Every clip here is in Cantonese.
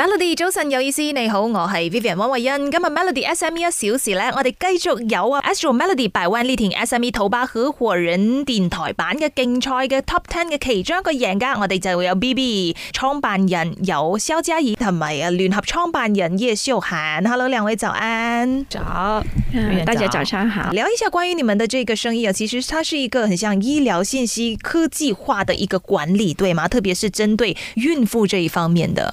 Melody 早晨有意思，你好，我係 Vivian 汪慧欣。今日 Melody SME 一小時咧，我哋繼續有啊 Astro Melody 百萬力挺 SME 土巴合伙人電台版嘅競賽嘅 Top Ten 嘅其中一個贏家，我哋就會有 BB 創辦人有肖嘉怡同埋啊聯合創辦人葉秀涵。Hello，兩位早安，早，大家早上好，聊一下關於你們的這個生意啊，其實它是一個很像醫療信息科技化的一個管理，對嗎？特別是針對孕婦這一方面的。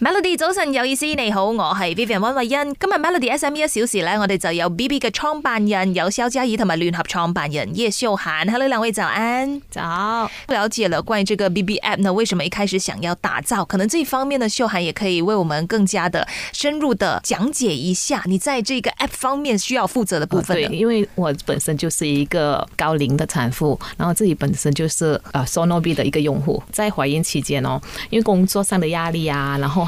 Melody 早晨有意思，你好，我係 Vivian 溫慧欣。今日 Melody S M E 一小時呢，我哋就有 B B 嘅創辦人，由蕭嘉怡同埋聯合創辦人，葉秀涵。Hello，兩位早安。早。了解了，關於這個 B B App 呢，為什麼一開始想要打造？可能這一方面呢，呢秀涵也可以為我們更加的深入的講解一下，你在這個 App 方面需要負責的部分。對，因為我本身就是一個高齡的產婦，然後自己本身就是啊、呃、Sonobi 嘅一個用戶，在懷孕期間哦，因為工作上的壓力啊，然後。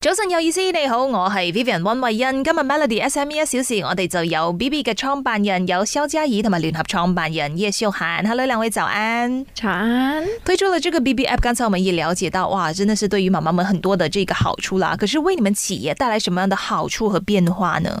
早晨有意思，你好，我係 Vivian 溫慧欣。今日 Melody SME 一小時，我哋就有 BB 嘅創辦人有肖嘉儀，同埋聯合創辦人葉少涵。Hello，兩位早安。早安。推出了這個 BB App，剛才我們也了解到，哇，真的是對於媽媽們很多的這個好處啦。可是為你們企業帶來什麼樣的好處和變化呢？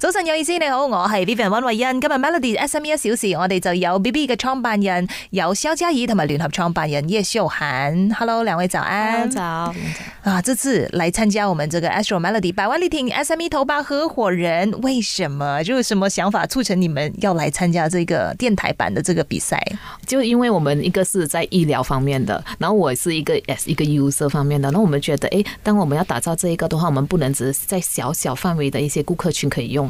早晨有意思你好，我係 Vivian 溫慧欣，今日 Melody S M E 一小時，我哋就有 B B 嘅創辦人，有肖嘉怡同埋聯合創辦人葉秀涵。Hello 兩位早安。Hello, 早啊，這次來參加我們這個 Astro Melody 百萬力挺 S M E 頭八合伙人，為什麼就有什麼想法促成你們要來參加這個電台版的這個比賽？就因為我們一個是在醫療方面的，然後我是一個 S, 一個醫務社方面的，然後我們覺得誒，當我們要打造這一個的話，我們不能只是在小小範圍的一些顧客群可以用。